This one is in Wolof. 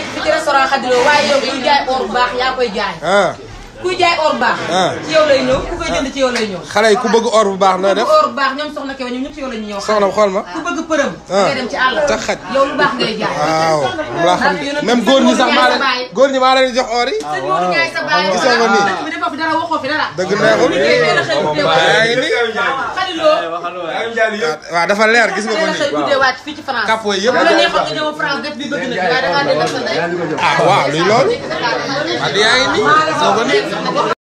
nekk fi ci restaurant Khadilo waaye yow kuy jaay or bu baax yaa ah. jaay. or baax. Ah. ci yow lay ñëw ku koy jënd ci ku bëgg or bu baax na def ku bëgg or baax ñoom soxna Kew ñoom ñëpp ci la ñuy ñëw. soxna xool ma ku bëgg përëm. Ah. ngay dem ci àll te xaj yow lu baax ngay jaay. waaw moom laa xam ne même góor ñi sax maa leen góor ñi maa leen jox dëgg waaw dafa leer gis nga ko nii waaw capot yëpp ah waaw luy loolu. waaw yaa ngi nii.